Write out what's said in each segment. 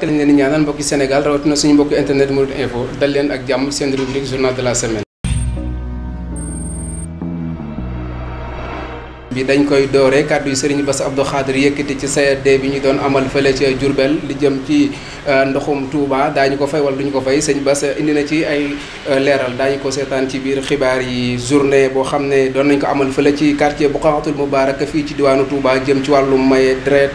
mbàkk lañ leen di ñaanal mbokki Sénégal suñu mbokki internet Mouride info dal leen ak jàmm seen rubrique journal de la semaine. bi dañ koy doore kàddu yi Serigne Bass Abdou Khadre yëkkati ci CRD bi ñu doon amal fële ca Diourbel li jëm ci. Euh, ndoxum Touba daañu ko fay wala duñu ko fay sëñ Bass euh, indi na ci ay euh, leeral daañu ko seetaan ci biir xibaar yi journée boo xam ne doon nañ ko amal fële ci quartier bu Xawatul Mubarak fii ci diwaanu Touba jëm ci wàllum maye deret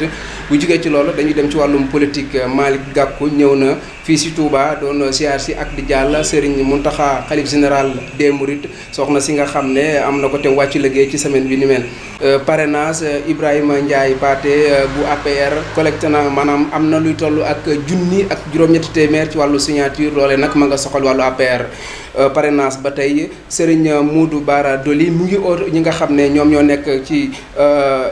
bu jugee ci loolu dañuy dem ci wàllum politique Malick Gakou ñëw na fii si Touba doon siyaar si ak di jàll Serigne Mountakha xalif général des Mourides soxna si nga xam ne am na ko te wàcc liggéey ci semaine bi ni mel parrainage Ibrahima Ndiaye Paté bu APR collecte na maanaam am junni ak juróom-ñetti téeméer ci wàllu signature loole nag ma nga soxal wàllu APR euh, parrainage ba tey Serigne Modou Bara Dolly mu ngi oo ñi nga xam ne ñoom ñoo nekk ci euh,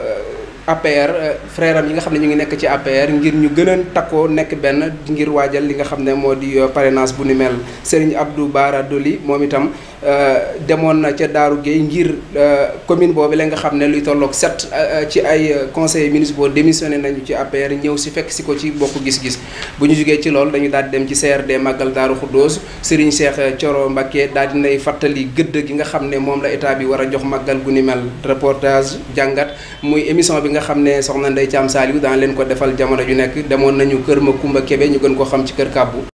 APR euh, frère am yi nga xam ne ñu ngi nekk ci APR ngir ñu gën a takkoo nekk benn ngir waajal li nga xam ne moo di parrainage bu ni mel Serigne Abdou Bara Dolly moom itam Euh, demoon na ca Daaru Gueye ngir euh, commune boobu la nga xam ne luy tolloog sept euh, ci ay conseillers municipaux démissionné nañu ci APR ñëw si fekk si ko ci bokk gis-gis bu ñu jugee ci loolu dañu daal di dem ci CRD Magal Daaru Xuddoos Serigne Cheikh Thioro Mbacké daal dinay fàttali gëdd gi nga xam ne moom la état bi war a jox màggal gu ni mel reportage jàngat muy émission bi nga xam ne soxna Ndeye Thiam Saliou daan leen ko defal jamono ju nekk demoon nañu kër ma Kumba Kebe ñu gën ko xam ci kër kàbbu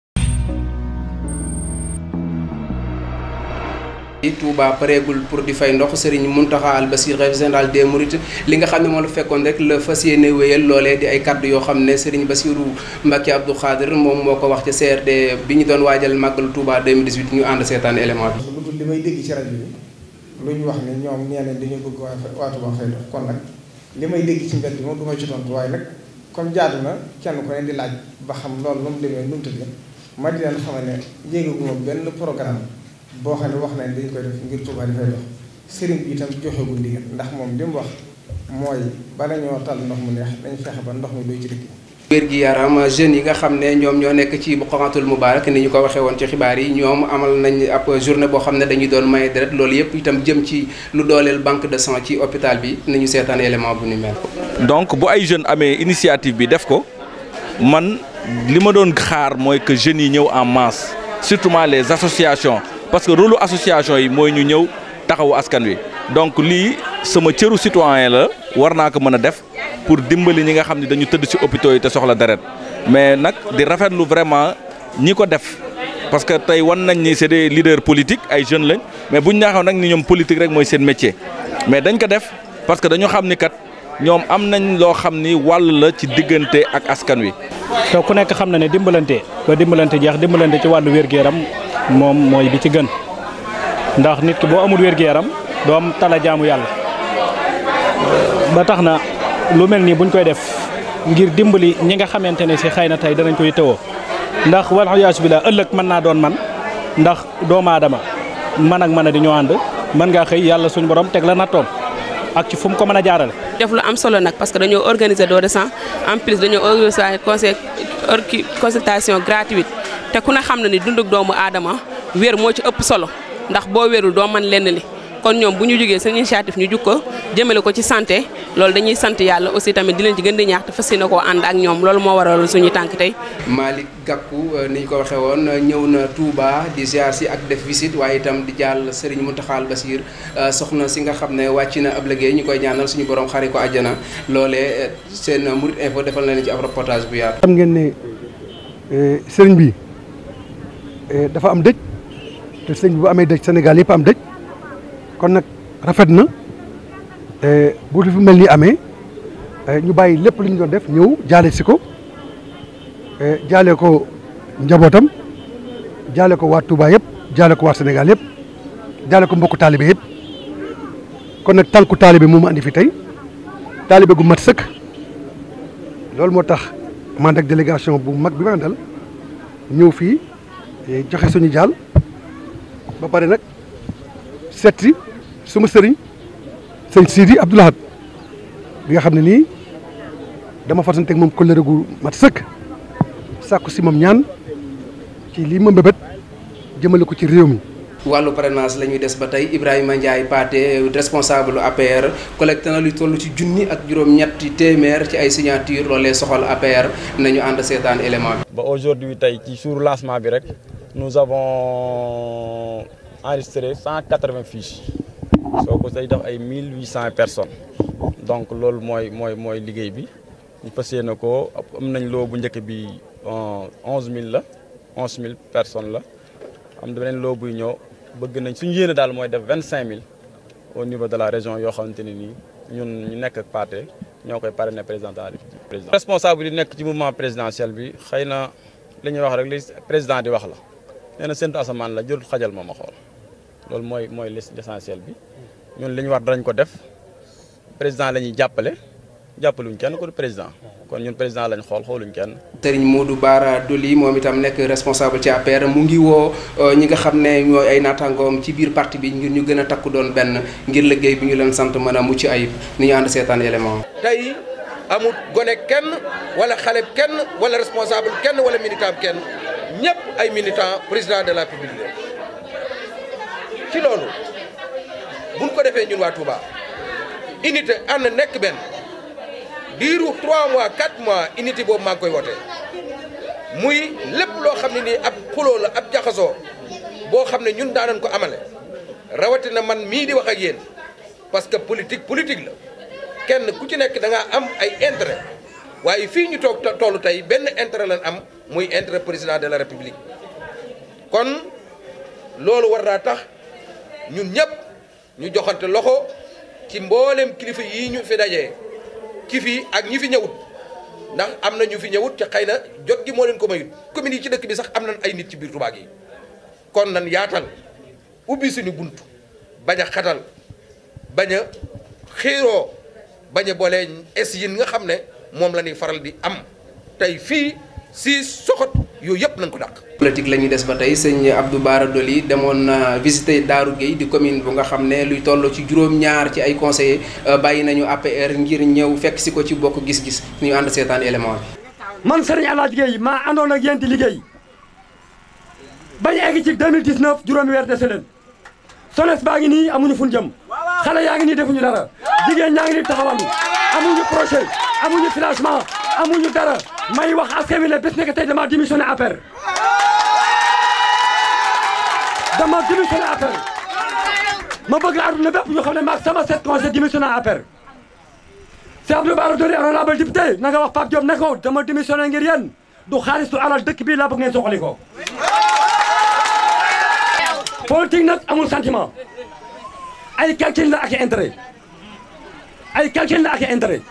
i Touba pareegul pour di fay ndox Serigne mun Al Bassir khalife général des Mourides li nga xam ne moom la fekkoon rek la fas yéene wéyal loolee di ay kaddu yoo xam ne Serigne Bassirou Mbacké Abdou Khadir moom moo ko wax ci CRD bi ñu doon waajal màggal Touba 2018 ñu ànd seetaan élément bi. lu dul li may dégg ci rajo bi lu ñu wax ne ñoom nee nañ dañoo bëgg waa waa Touba fay ndox kon nag li may dégg ci mbedd bi moom du ma ci tontu waaye nag comme jaadu na kenn ko ne di laaj ba xam loolu moom demee nu mu ma di leen xamal ne yéegaguma benn programme. boo xam ne wax nañ dañ koy def ngir Touba dafay dox sëriñ bi itam joxegul ndigal ndax moom li mu wax mooy bala ñoo tal ndox mu neex dañ fexe ba ndox mi doy ci dëkk wér gi yaram jeunes yi nga xam ne ñoom ñoo nekk ci Buqatul Mubarak ni ñu ko waxee woon ci xibaar yi amal nañ ab journée boo xam ne dañuy doon maye deret loolu yëpp itam jëm ci lu dooleel banque de sang ci hôpital bi nañu seetaan élément bu ni mel. donc bu ay jeunes amee initiative bi def ko man li ma doon xaar mooy que jeunes yi ñëw en masse surtout les associations parce que rôle association yi moy ñu ñëw taxawu askan wi donc li sama cëru citoyen la war naa ko mën a def pour dimbali ñi nga xam ne dañu tëdd ci hôpitaux yi te soxla deret mais nag di rafetlu vraiment ñi ko def parce que tey wan nañ ni c'est des leaders politiques ay jeunes lañ mais buñ ñaaxoon nag ni ñoom politique rek mooy seen métier mais dañ ko def parce que dañu xam ni kat ñoom am nañ loo xam ni wàll la ci diggante ak askan wi. te ku nekk xam na ne dimbalante ba dimbalante jeex dimbalante ci wàllu wér gu mom moy bi ci gën ndax nit ki bo amul wér-gu-yaram do am tala jaamu yalla ba taxna lu melni buñ koy def ngir dimbali ñi nga xamantene ci si tay na tey koy teewoo ndax wal hayas bila ëlëk man na doon man ndax doomu aadama man ak man di ñoo and man nga xey yalla suñu borom tek la nattoon ak ci fum ko mëna a jaarale. def lu am solo nak parce que dañoo organiser do descend en plus dañoo organiser conseil consultation gratuite. te ku ne xam na ni dunduk doomu aadama wér moo ci ëpp solo ndax boo wérul doo man lenn li kon ñoom bu ñu jógee seen initiative ñu jug ko jëmale ko ci sante loolu dañuy sant yàlla aussi tamit di ci gën di ñaax te fas ne ko ànd ak ñoom loolu moo waral suñu tànk tey. Malick Gakou euh, ni ñu ko waxee woon euh, ñëw na Touba di ziar si ak def visite waaye itam di jàll Serigne Mountakha Bassir euh, soxna si nga xam ne wàcc na ab liggéey ñu koy ñaanal suñu borom xari ko àjjana loolee seen Mouride Info defal leen ci ab bu yaatu. xam ngeen ne bi. Eh, dafa am dëj te sëñ bi amee dëj Sénégal yëpp am dëj kon nag rafet na eh, bu lu fi mel ni amee eh, ñu bàyyi lépp lu ñu doon def ñëw jaale si ko jaale ko njabootam jaale ko waa Touba yëpp jaale ko waa senegal yëpp jaale ko mbokku taalibe yëpp kon nag tanku taalibe moo ma andi fi tey taalibe gu mat sëkk loolu moo tax man ak délégation bu mag bi ma àndal ñëw fii. joxe suñu jall ba paré nak setti suma sëriñ sëñ Sidi abdullah bi nga xam ne nii dama fasanteeg moom kóllëre gu mat sëkk sakku si mom ñaan ci li mom bebet jëmele ko ci réew mi walu parrainage lañuy dess ba tay Ibrahima ndjay Paté responsable APR collecte na lu tollu ci jooni ak juroom ñetti témèr ci ay signature lolé soxal APR nañu and sétane élément ba aujourd'hui tay ci jour lancement bi rek. nous avons enregistré 180 fiches soo ko day 1 800 1800 personnes donc c'est ce mooy le liggéey bi avons fas 11 000 am nañ euh, personnes la am na 25 000 bëgg nañ au niveau de la région yo avons ni ñun ñu nek ak de la responsable du mouvement présidentiel bi xeyna président di wax nee na séntu asamaan la jël xajal ma ma xool loolu mooy mooy l'essentiel bi ñun li ñu war danañ ko def président la ñuy jàppale jàppaluñ kenn ko président kon ñun président lañ xool xooluñ kenn. Serigne Modou Bara Dolly mu ngi woo euh, ñi nga xam ne ñooy ay naataangoom ci biir parti bi ngir ñu gën a takku doon benn ngir liggéey bi ñu leen sant mën a mucc ayib ni ñu ànd seetaan élément tey amut gone kenn wala xale kenn wala responsable kenn wala militant kenn. ñëpp ay militants président de la République ci loolu buñ ko defee ñun waatu Touba unité ànd nekk benn diiru 3 mois 4 mois unité boobu maa ngi koy wote muy lépp loo xam ne nii ab xuloo la ab jaxasoo boo xam ne ñun daanañ ko amale rawatina man mii di wax ak yéen parce que politique politique la kenn ku ci nekk da ngaa am ay intérêt waaye fii ñu toog tollu tey benn intérêt lañ am. muy intérêt président de la république kon loolu war naa tax ñun ñëpp ñu joxante loxo ci mboolem kilifa yi ñu fi dajee ki fi ak ñi fi ñëwut ndax am na ñu fi ñëwut te xëy na jot gi moo leen ko mayut communes yi ci dëkk bi sax am nañ ay nit ci biir Touba gi kon nan yaatal ubbi suñu bunt bañ a xatal bañ a xiiroo bañ a boole es yi nga xam ne moom la ñuy faral di am tey fii. si soxot yooyu yëpp nañ ko dàq. politique la ñuy des ba tey sëñ Abdou Bara Dolly demoon na visité Daaru Gueye di commune bu nga xam ne luy toll ci juróom-ñaar ci ay conseillers euh, bàyyi nañu APR ngir ñëw fekk si ko ci bokk gis-gis ñu ànd seetaan élément bi. man sëriñ Alaaji Gueye maa àndoon ak yéen di liggéey bañ egg ci 2019 juróomi weer dese leen sones baa ngi nii amuñu fun jëm xale yaa ngi nii defuñu dara jigéen ñaa ngi nii taxawamu amuñu projet amuñu dara may wax askan wi ne bés nekk tey dama démissionné APR dama démissionné APR ma bëgg àdduna bépp ñu xam ne maag sama set conseil démissionné APR si Abdou Bara Dolly honorable député na nga wax Pape Diop ne ko dama démissionné ngir yéen du xaalis du alal dëkk bii laa bëgg ngeen soxali ko politique nag amul sentiment ay calcul la ak intérêt ay calcul la ak intérêt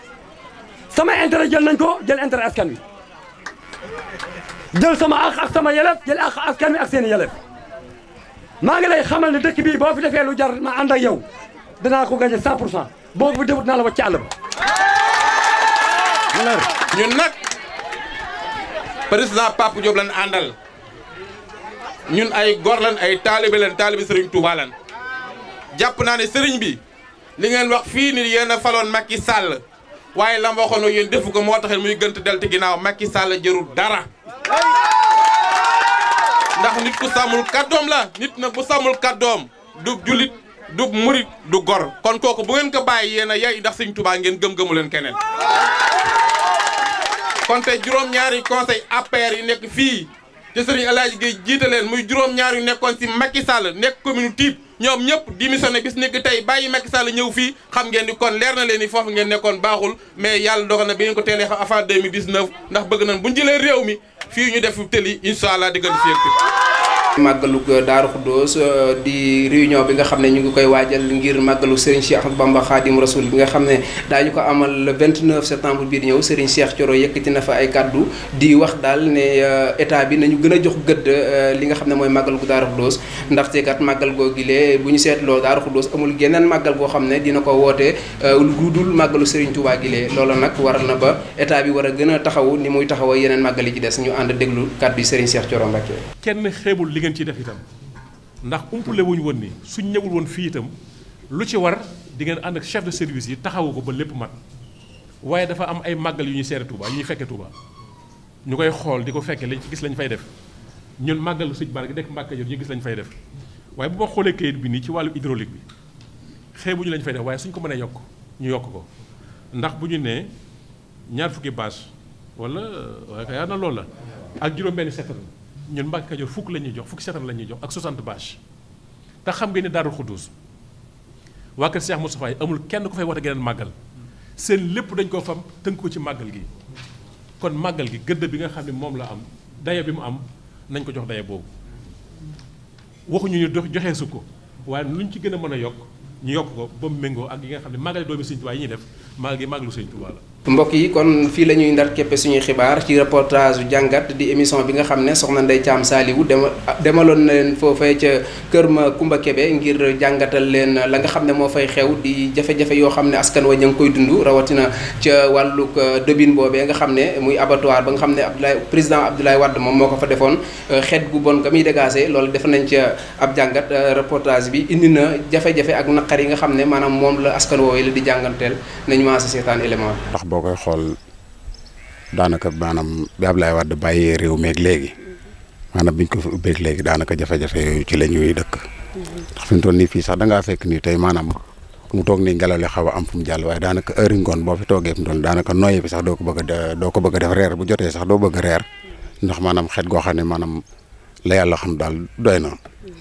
سما انتر جل نكو جل انتر اسكنوي جل سما اخ اخ سما يلف جل اخ اسكنوي اكسين يلف ما قال لي خمل دك بي بو في دفي لو جار ما عندا يو دنا كو غاجي 100% بو في دبوت نالا وتي علم نلر نيون نك بريزيدان باب جوب لن اندال نيون اي غور لن اي طالب لن طالب سيرن توبا لن جاب ناني سيرن بي لي نين واخ في ني يينا فالون ماكي سال waaye lam waxoon ak yéen defu ko moo tax muy gënt del ci ginnaaw Macky Sall jërul dara ndax nit ku sàmmul kàddoom la nit na bu sàmmul kàddoom du julit du murit du gor kon kooku bu ngeen ko bàyyi yéen a yay ndax Sëñ Tuubaa ngeen gëm-gëmu leen keneen kon tey juróom-ñaari conseil APR yi nekk fii te Serigne El Hadji Gueye leen muy juróom-ñaar yu nekkoon si Macky Sall nekk commune Typ ñoom ñëpp démissionné bis gis ki tey bàyyi Macky Sall ñëw fii xam ngeen ni kon leer na leen ni foofu ngeen nekkoon baaxul mais yàlla dogal na bi ngeen ko teelee xam avant 2019 ndax bëgg nañ bu ñu réew mi fii ñu def tëli incha allah di gën fii màggalu Daaru euh, di réunion bi nga xam ne ñu ngi koy waajal ngir màggalu Serigne Cheikh Bamba Khadim Rasoul bi nga xam ko amal le 29 septembre bii di ñëw Serigne Cheikh Thioro yëkkati na fa ay kaddu di wax ne euh, état bi nañu gën a jox gëdd euh, li nga xam ne mooy màggalu Daaru Xuddoos ndaxte kat màggal googilee bu ñu seetloo Daaru Xuddoos amul geneen màggal goo xam ne dina ko woote lu dul màggalu Serigne Touba gilee loola nag na ba état bi war a taxaw ni muy taxaw yeneen màggal yi ci des ñu ànd déglu kaddu Serigne Cheikh Thioro Mbacké ngeen ciy def itam ndax umpule wuñu woon ni suñ ñëwul woon fii itam lu ci war di ngeen ànd ak chef de service yi taxawu ko ba lépp mag waaye dafa am ay màggal yu ñuy seere Touba yu ñuy fekke Touba ñu koy xool di ko fekke lañ ci gis lañu fay def ñun màggalu sëñ Bara gi dekk Mbàkke Kajoor ñu gis lañ fay def waaye bu ma xoolee kayit bi nii ci wàllu hydraulique bi xeebuñu lañ fay def waaye suñ ko mënee yokk ñu yokk ko ndax bu ñu nee ñaar fukki bâche wala waaye yaa na loolu la ak juróom-benn ñun Mbàkke Kajoor fukk la ñuy jox fukki seetal la ñuy jox ak 60 bâche te xam ngeen ne Daarul Xuddus waa kër Cheikh Moustapha yi amul kenn ku fay a geneen màggal seen lépp dañ koo fam tënk ko ci màggal gi kon màggal gi gëdd bi nga xam ne moom la am daye bi mu am nañ ko jox daye boobu waxuñu ñu dox joxee su ko waaye ñu ci gën a mën a yokk ñu yokk ko ba mu méngoo ak yi nga xam ne màggal doomi Sëñ Tuubaa yi ñuy def màggal gi màggalu Sëñ Tuubaa mbokk yi kon fii la ñuy ndar képpe suñuy xibaar ci reportage jàngat di émission bi nga xam ne soxna Ndeye Thiam Saliou dema demaloon na leen foofee ca kër ma Kumba Kebe ngir jàngatal leen la nga xam ne moo fay xew di jafe yoo xam ne askan wa ña ngi koy dund rawatina ca wàllug euh, dobine boobee nga xam ne muy abattoir ba nga xam ne Abdoulaye président Abdoulaye Wade moom moo ko fa defoon euh, xeet gu bon ga muy dégagé loolu def nañ ca ab jàngat euh, reportage bi indi na jafe-jafe ak naqar yi nga xam ne maanaam moom la askan woowee la di jànganteel nañu maasa seetaan élément boo koy xool daanaka maanaam bi Abdoulaye Wade bàyyee réew meeg léegi maanaam biñ ko fi ubbeeg léegi daanaka jafe-jafe yooyu ci la ñuy dëkk. ndax fi mu sax da fekk nii tey maanaam mu toog nii ngelaw li xaw a am fu mu jàll waaye daanaka heure ngoon boo fi toogee fi mu toll daanaka noyyi bi sax doo ko bëgg a doo def reer bu jotee sax doo bëgg reer ndax maanaam xet goo xam ne maanaam la yàlla xam daal doy na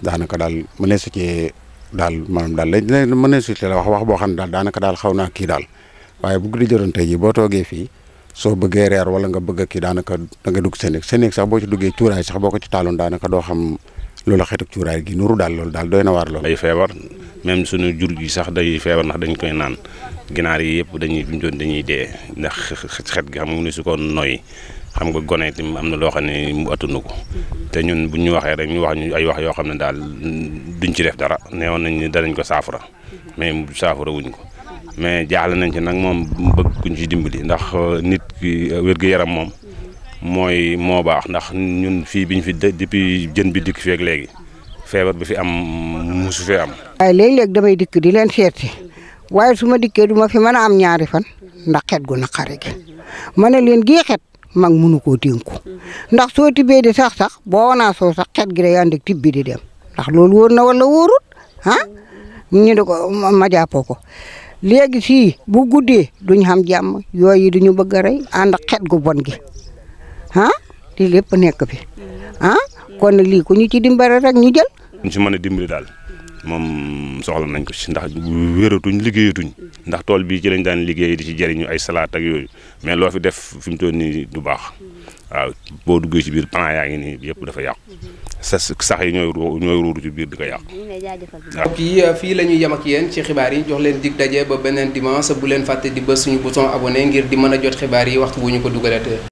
daanaka daal mëneesu ci daal maanaam daal lañ mëneesu ci la wax wax boo xam ne daal daanaka daal xaw naa kii daal waaye bu guddi jotoon tey jii boo toogee fii soo bëggee reer wala nga bëgg kii daanaka da nga dugg sa néeg sax boo ci duggee cuuraay sax boo ko ci taaloon daanaka doo xam loola xeetu cuuraay gi nuru daal loolu daal doy na waar loolu. feebar même suñu jur gi sax day feebar ndax dañ koy naan ginaar yi yëpp dañuy fi dañuy dee ndax xet gi xam nga ni xam nga gone itam am na loo xam ne mu ko te ñun bu ñu waxee rek ñu wax ñu ay wax yoo xam ne daal duñ ci def dara neewoon nañ ne danañ ko saafara mais saafara wuñ ko. mais jaaxle nañ ci nag moom bëgg kuñ ci dimbali ndax euh, nit ki euh, yaram moom mooy moo baax ndax ñun fii biñ fi depuis jën bi dikk feek léegi feebar bi fi am musu fee am. waaye léeg-léeg damay dikk di leen seeti waaye su ma dikkee du ma fi mën a am ñaari fan ndax xet gu naqare gi ma ne leen gii xet mag mënu koo dénku ndax soo tibbee di sax sax boo wanaa soo sax xet gi day ànd ak tibbi di dem ndax loolu wóor na wala wóorut ah ñu ne ko ma jàppoo ko. léegi fii bu guddee duñ xam jàmm yooyu duñu bëgg a rey ànd xet gu bon gi ah lii lépp nekk fi ah kon nag lii ku ñu ci dimbare rek ñu jël. ñu si mën a dimbali daal moom soxla nañ ko si ndax wératuñ liggéeyatuñ ndax tool bii ci lañ daan liggéey di ci jëriñu ay salaat ak yooyu. mais loo fi def fi mu toll nii du baax waaw boo duggee ci biir plan yaa ngi nii yëpp dafa yàqu sa sax yi ñooy ñooy ruuru ci biir di ko yàqu. waaw kii fii la ñuy yem ak yéen ci xibaar yi jox leen dig daje ba beneen dimanche bu leen fàtte di ba suñu bouton abonné ngir di mën a jot xibaar yi waxtu wu ñu ko dugalatee.